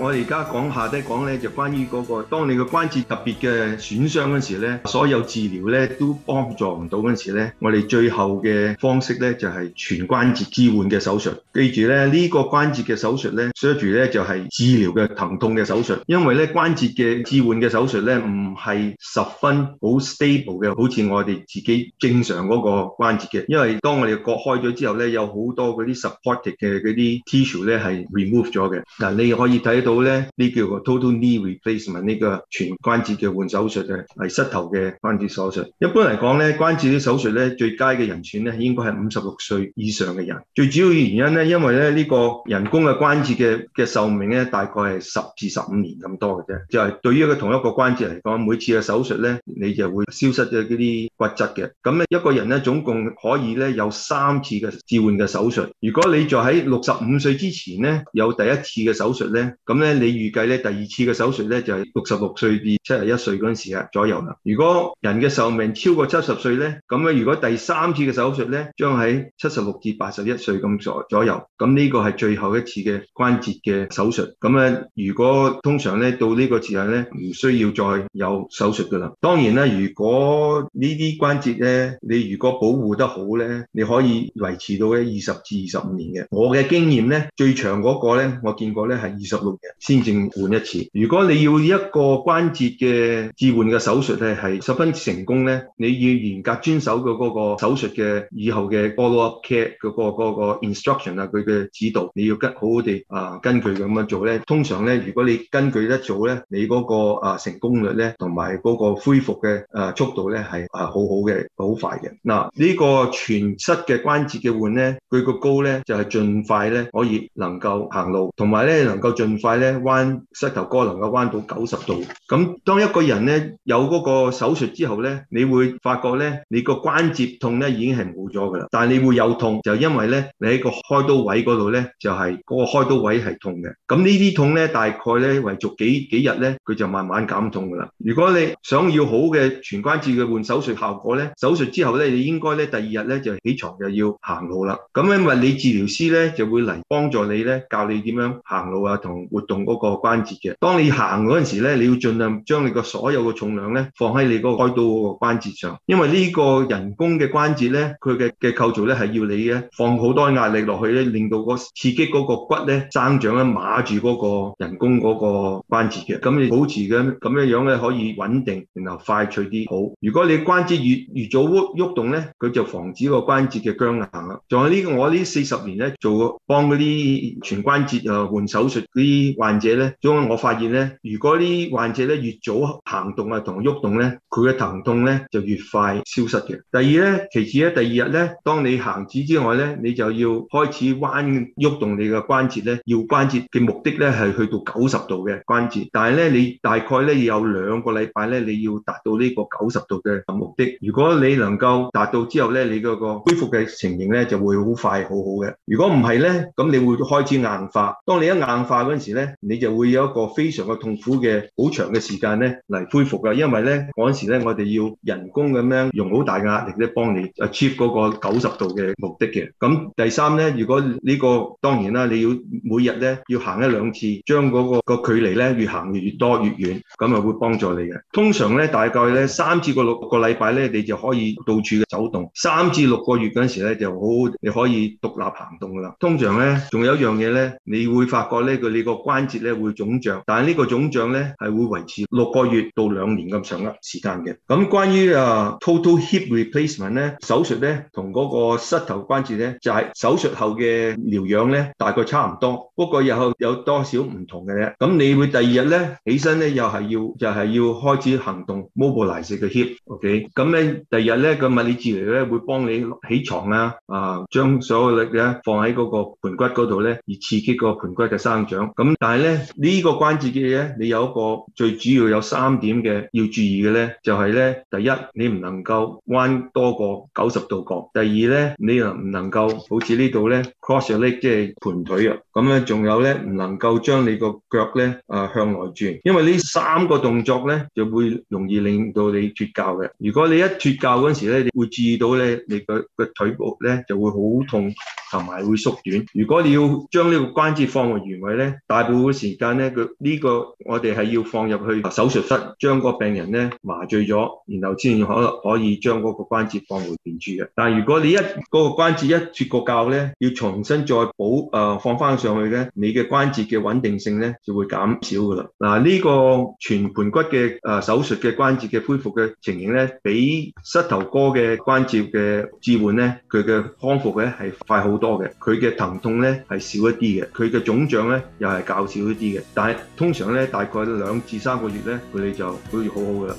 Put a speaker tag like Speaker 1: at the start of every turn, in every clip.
Speaker 1: 我而家講下咧，講咧就關於嗰、那個，當你個關節特別嘅損傷嗰時咧，所有治療咧都幫助唔到嗰時咧，我哋最後嘅方式咧就係、是、全關節置換嘅手術。記住咧，呢、這個關節嘅手術咧 short 住咧就係、是、治療嘅疼痛嘅手術，因為咧關節嘅置換嘅手術咧唔係十分好 stable 嘅，好似我哋自己正常嗰個關節嘅，因為當我哋割開咗之後咧，有好多嗰啲 supportive 嘅嗰啲 tissue 咧係 remove 咗嘅。嗱，你可以睇到。呢叫做 total knee replacement 呢個全關節嘅換手術嘅，係膝頭嘅關節手術。一般嚟講咧，關節啲手術咧最佳嘅人選咧應該係五十六歲以上嘅人。最主要原因咧，因為咧呢個人工嘅關節嘅嘅壽命咧大概係十至十五年咁多嘅啫。就係、是、對於一個同一個關節嚟講，每次嘅手術咧你就會消失咗啲骨質嘅。咁咧一個人咧總共可以咧有三次嘅置換嘅手術。如果你就喺六十五歲之前咧有第一次嘅手術咧，咁咧，你預計咧第二次嘅手術咧就係六十六歲至七十一歲嗰陣時啊，左右啦。如果人嘅壽命超過七十歲咧，咁咧如果第三次嘅手術咧，將喺七十六至八十一歲咁左左右。咁呢個係最後一次嘅關節嘅手術。咁咧，如果通常咧到呢個時候咧，唔需要再有手術噶啦。當然啦，如果呢啲關節咧，你如果保護得好咧，你可以維持到咧二十至二十五年嘅。我嘅經驗咧，最長嗰個咧，我見過咧係二十六年。先正換一次。如果你要一個關節嘅置換嘅手術咧，係十分成功咧，你要嚴格遵守個嗰個手術嘅以後嘅 follow up care 嗰、嗰個、嗰個 instruction 啊，佢嘅指導你要跟好好哋啊，根據咁樣做咧。通常咧，如果你根據得做咧，你嗰個啊成功率咧，同埋嗰個恢復嘅速度咧，係啊好好嘅，好快嘅。嗱，呢、呢個全膝嘅關節嘅換咧，佢個 goal 咧就係盡快咧可以能夠行路，同埋咧能夠盡快。咧彎膝頭哥能夠彎到九十度，咁當一個人咧有嗰個手術之後咧，你會發覺咧你個關節痛咧已經係冇咗噶啦，但係你會有痛就因為咧你喺個開刀位嗰度咧就係、是、嗰個開刀位係痛嘅，咁呢啲痛咧大概咧維續幾幾日咧佢就慢慢減痛噶啦。如果你想要好嘅全關節嘅換手術效果咧，手術之後咧你應該咧第二日咧就起床就要行路啦，咁因為你治療師咧就會嚟幫助你咧教你點樣行路啊同活動、嗰個關節嘅，當你行嗰陣時咧，你要盡量將你個所有嘅重量咧放喺你嗰個開刀嗰個關節上，因為呢個人工嘅關節咧，佢嘅嘅構造咧係要你咧放好多壓力落去咧，令到個刺激嗰個骨咧生長咧碼住嗰個人工嗰個關節嘅，咁你保持嘅咁樣樣咧可以穩定，然後快脆啲好。如果你關節越越早喐動咧，佢就防止個關節嘅僵硬。仲有呢個，我呢四十年咧做幫嗰啲全關節啊換手術啲。患者咧，因為我發現咧，如果啲患者咧越早行動啊同喐動咧，佢嘅疼痛咧就越快消失嘅。第二咧，其次咧，第二日咧，當你行止之外咧，你就要開始彎喐動你嘅關節咧，要關節嘅目的咧係去到九十度嘅關節。但係咧，你大概咧要有兩個禮拜咧，你要達到呢個九十度嘅目的。如果你能夠達到之後咧，你嗰個恢復嘅情形咧就會好快好好嘅。如果唔係咧，咁你會開始硬化。當你一硬化嗰陣時咧，你就會有一個非常嘅痛苦嘅好長嘅時間咧嚟恢復㗎，因為咧嗰陣時咧我哋要人工咁樣用好大嘅壓力咧幫你 achieve 嗰個九十度嘅目的嘅。咁第三咧，如果呢個當然啦，你要每日咧要行一兩次，將嗰個個距離咧越行越越多越遠，咁啊會幫助你嘅。通常咧大概咧三至個六個禮拜咧，你就可以到處走動。三至六個月嗰陣時咧就好，你可以獨立行動㗎啦。通常咧仲有一樣嘢咧，你會發覺咧佢你個關關節咧會腫脹，但係呢個腫脹咧係會維持六個月到兩年咁長噏時間嘅。咁關於啊 total hip replacement 咧手術咧同嗰個膝頭關節咧就係手術後嘅療養咧大概差唔多，不過日後有多少唔同嘅咧。咁你會第二日咧起身咧又係要又係、就係、要開始行動，mobilize the hip。OK，咁咧第二日咧個物理治療咧會幫你起床啊，啊將所有力咧放喺嗰個盆骨嗰度咧，而刺激個盆骨嘅生長。咁。但係咧，呢個關節嘅嘢，你有一個最主要有三點嘅要注意嘅咧，就係咧，第一，你唔能夠彎多過九十度角；第二咧，你又唔能夠好似呢度咧，cross your leg，即係盤腿啊。咁樣仲有咧，唔能夠將你個腳咧，啊、呃，向內轉，因為呢三個動作咧，就會容易令到你脫臼嘅。如果你一脫臼嗰時咧，你會注意到咧，你個個腿部咧就會好痛。同埋會縮短。如果你要將呢個關節放回原位咧，大部分嘅時間咧，佢呢個我哋係要放入去手術室，將個病人咧麻醉咗，然後先可可以將嗰個關節放回原處嘅。但係如果你一嗰個關節一脱個臼咧，要重新再補誒、呃、放翻上去咧，你嘅關節嘅穩定性咧就會減少㗎啦。嗱，呢個全盤骨嘅誒手術嘅關節嘅恢復嘅情形咧，比膝頭哥嘅關節嘅置換咧，佢嘅康復咧係快好。多嘅，佢嘅疼痛咧係少一啲嘅，佢嘅腫脹咧又係較少一啲嘅，但係通常咧大概兩至三個月咧佢哋就會好好嘅啦。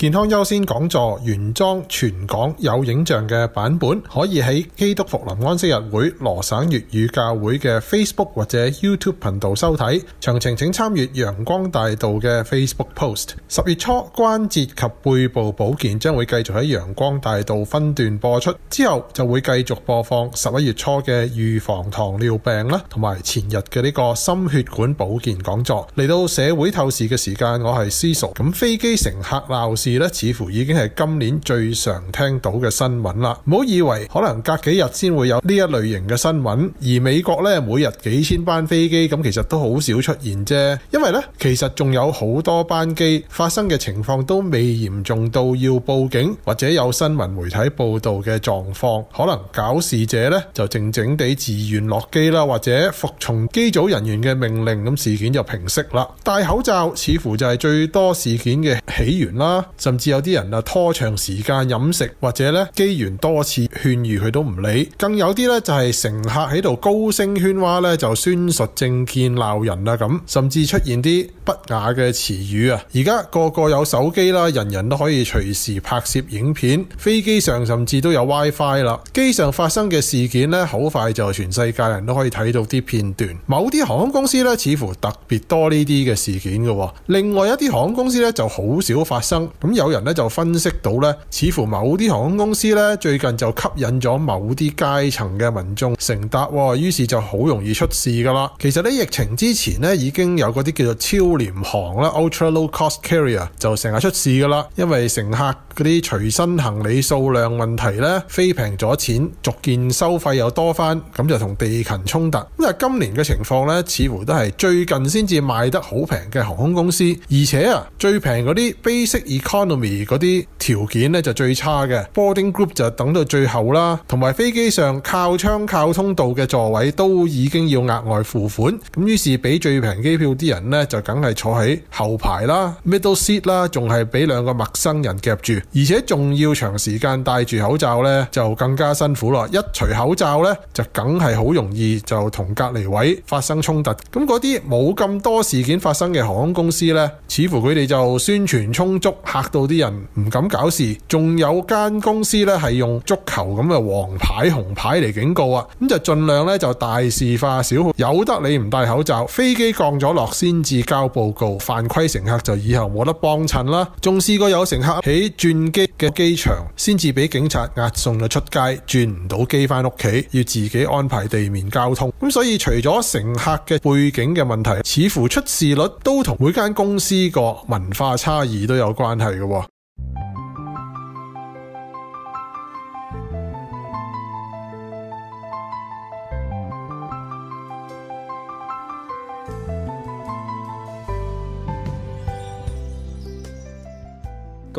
Speaker 2: 健康優先講座原裝全港有影像嘅版本，可以喺基督復臨安息日會羅省粵語教會嘅 Facebook 或者 YouTube 頻道收睇。詳情請參閱陽光大道嘅 Facebook post。十月初，關節及背部保健將會繼續喺陽光大道分段播出，之後就會繼續播放十一月初嘅預防糖尿病啦，同埋前日嘅呢個心血管保健講座。嚟到社會透視嘅時間，我係司徒。咁飛機乘客鬧事。似乎已經係今年最常聽到嘅新聞啦。唔好以為可能隔幾日先會有呢一類型嘅新聞，而美國咧，每日幾千班飛機，咁其實都好少出現啫。因為咧，其實仲有好多班機發生嘅情況都未嚴重到要報警或者有新聞媒體報導嘅狀況。可能搞事者咧就靜靜地自願落機啦，或者服從機組人員嘅命令，咁事件就平息啦。戴口罩似乎就係最多事件嘅起源啦。甚至有啲人啊拖長時間飲食，或者咧機員多次勸喻佢都唔理，更有啲咧就係乘客喺度高聲喧譁咧，就宣述政見鬧人啦咁，甚至出現啲不雅嘅詞語啊！而家個個有手機啦，人人都可以隨時拍攝影片，飛機上甚至都有 WiFi 啦。機上發生嘅事件咧，好快就全世界人都可以睇到啲片段。某啲航空公司咧，似乎特別多呢啲嘅事件嘅；另外一啲航空公司咧，就好少發生。咁有人咧就分析到咧，似乎某啲航空公司咧最近就吸引咗某啲階層嘅民眾乘搭，於是就好容易出事噶啦。其實咧疫情之前咧已經有嗰啲叫做超廉航啦 （ultra low cost carrier） 就成日出事噶啦，因為乘客嗰啲隨身行李數量問題咧，飛平咗錢，逐件收費又多翻，咁就同地勤衝突。咁啊，今年嘅情況咧，似乎都係最近先至賣得好平嘅航空公司，而且啊最平嗰啲 basic economy 嗰啲條件咧就最差嘅，boarding group 就等到最後啦，同埋飛機上靠窗靠通道嘅座位都已經要額外付款。咁於是俾最平機票啲人咧就梗係坐喺後排啦，middle seat 啦，仲係俾兩個陌生人夾住，而且仲要長時間戴住口罩咧就更加辛苦啦。一除口罩咧就梗係好容易就同隔離位發生衝突。咁嗰啲冇咁多事件發生嘅航空公司咧，似乎佢哋就宣傳充足客，到啲人唔敢搞事，仲有間公司咧係用足球咁嘅黃牌紅牌嚟警告啊，咁就盡量咧就大事化小，由得你唔戴口罩，飛機降咗落先至交報告，犯規乘客就以後冇得幫襯啦。仲試過有乘客喺轉機嘅機場先至俾警察押送咗出街，轉唔到機翻屋企，要自己安排地面交通。咁所以除咗乘客嘅背景嘅問題，似乎出事率都同每間公司個文化差異都有關係。這個吧。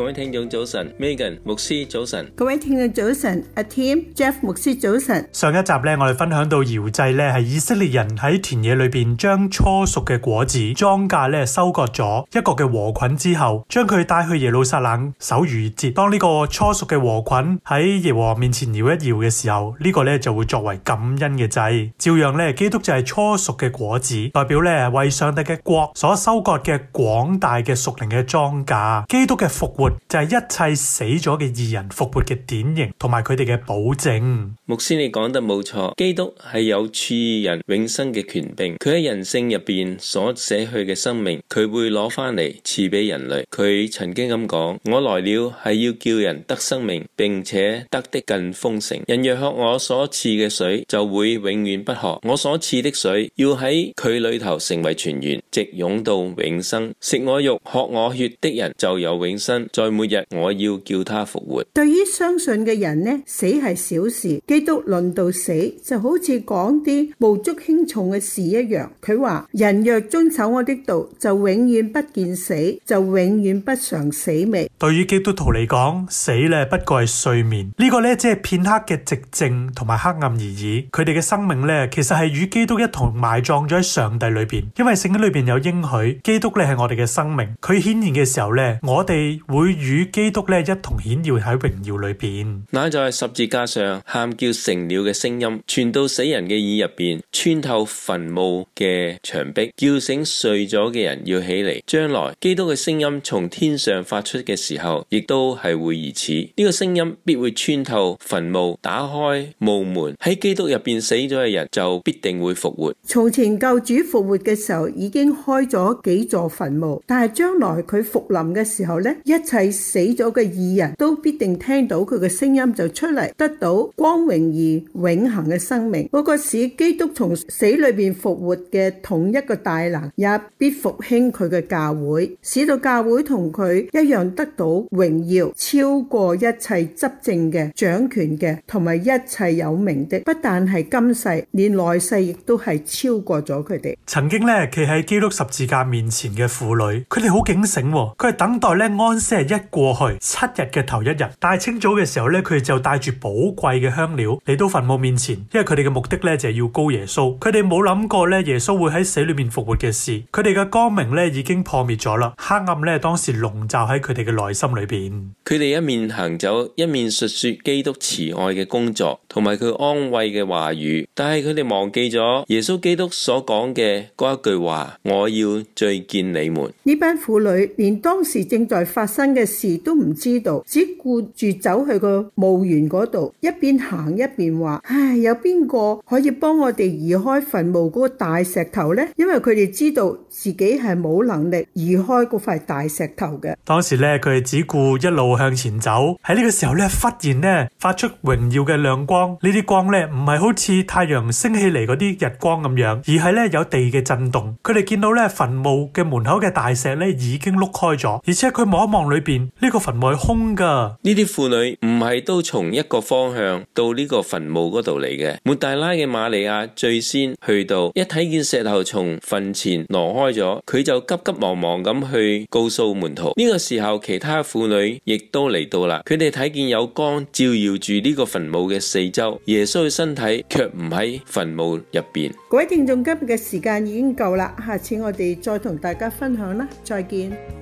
Speaker 3: 各位聽眾早晨，Megan 牧
Speaker 4: 師早晨，
Speaker 5: 各位聽眾早晨，阿 Tim、Jeff 牧師早晨。上一集咧，我哋分享
Speaker 4: 到搖祭咧，係以色列人喺田野裏邊將初熟嘅果子莊稼咧收割咗一個嘅禾捆之後，將佢帶去耶路撒冷守逾節。當呢個初熟嘅禾捆喺耶和華面前搖一搖嘅時候，呢個咧就會作為感恩嘅祭。照樣咧，基督就係初熟嘅果子，代表咧為上帝嘅國所收割嘅廣大嘅屬靈嘅莊稼。基督嘅復活。就係、是、一切死咗嘅義人復活嘅典型，同埋佢哋嘅保證。
Speaker 3: 牧師，你講得冇錯，基督係有賜人永生嘅權柄。佢喺人性入邊所捨去嘅生命，佢會攞翻嚟賜俾人類。佢曾經咁講：我來了係要叫人得生命，並且得，得的更豐盛。人若喝我所賜嘅水，就會永遠不渴。我所賜的水，要喺佢裏頭成為泉源，直湧到永生。食我肉、喝我血的人，就有永生。在每日，我要叫他復活。
Speaker 5: 對於相信嘅人呢，死係小事。基督論到死，就好似講啲無足輕重嘅事一樣。佢話：人若遵守我的道，就永遠不見死，就永遠不嘗死味。
Speaker 4: 對於基督徒嚟講，死咧不過係睡眠，這個、呢個咧只係片刻嘅寂靜同埋黑暗而已。佢哋嘅生命咧，其實係與基督一同埋葬咗喺上帝裏邊。因為聖經裏邊有應許，基督咧係我哋嘅生命。佢顯現嘅時候咧，我哋會。會與基督咧一同顯耀喺榮耀裏邊。
Speaker 3: 那就係十字架上喊叫成了嘅聲音，傳到死人嘅耳入邊，穿透墳墓嘅牆壁，叫醒睡咗嘅人要起嚟。將來基督嘅聲音從天上發出嘅時候，亦都係會如此。呢個聲音必會穿透墳墓，打開墓門。喺基督入邊死咗嘅人就必定會復活。
Speaker 5: 從前救主復活嘅時候，已經開咗幾座墳墓，但係將來佢復臨嘅時候呢，一。係死咗嘅義人都必定聽到佢嘅聲音，就出嚟，得到光榮而永恆嘅生命。嗰、那個使基督從死裏邊復活嘅同一嘅大能，也必復興佢嘅教會，使到教會同佢一樣得到榮耀，超過一切執政嘅、掌權嘅同埋一切有名的。不但係今世，連來世亦都係超過咗佢哋。
Speaker 4: 曾經呢，企喺基督十字架面前嘅婦女，佢哋好警醒、哦，佢係等待呢安息。一過去七日嘅頭一日，大清早嘅時候咧，佢哋就帶住寶貴嘅香料嚟到墳墓面前，因為佢哋嘅目的咧就係要膏耶穌，佢哋冇諗過咧耶穌會喺死裏面復活嘅事，佢哋嘅光明咧已經破滅咗啦，黑暗咧當時籠罩喺佢哋嘅內心裏邊，
Speaker 3: 佢哋一面行走，一面述說基督慈愛嘅工作同埋佢安慰嘅話語，但係佢哋忘記咗耶穌基督所講嘅嗰一句話：我要再見你們。
Speaker 5: 呢班婦女連當時正在發生。嘅事都唔知道，只顧住走去個墓園嗰度，一邊行一邊話：唉，有邊個可以幫我哋移開墳墓嗰個大石頭咧？因為佢哋知道自己係冇能力移開嗰塊大石頭嘅。
Speaker 4: 當時咧，佢哋只顧一路向前走。喺呢個時候咧，忽然咧發出榮耀嘅亮光。呢啲光咧唔係好似太陽升起嚟嗰啲日光咁樣，而係咧有地嘅震動。佢哋見到咧墳墓嘅門口嘅大石咧已經碌開咗，而且佢望一望裏。邊呢個墳墓係空噶？呢啲婦
Speaker 3: 女唔係都從一個方向到呢個墳墓嗰度嚟嘅。抹大拉嘅馬利亞最先去到，一睇見石頭從墳前挪開咗，佢就急急忙忙咁去告訴門徒。呢個時候，其他婦女亦都嚟到啦。佢哋睇見有光照耀住呢個墳墓嘅四周，耶穌嘅身體卻唔喺墳墓入邊。
Speaker 5: 各位聽眾，今日嘅時間已經夠啦，下次我哋再同大家分享啦，再見。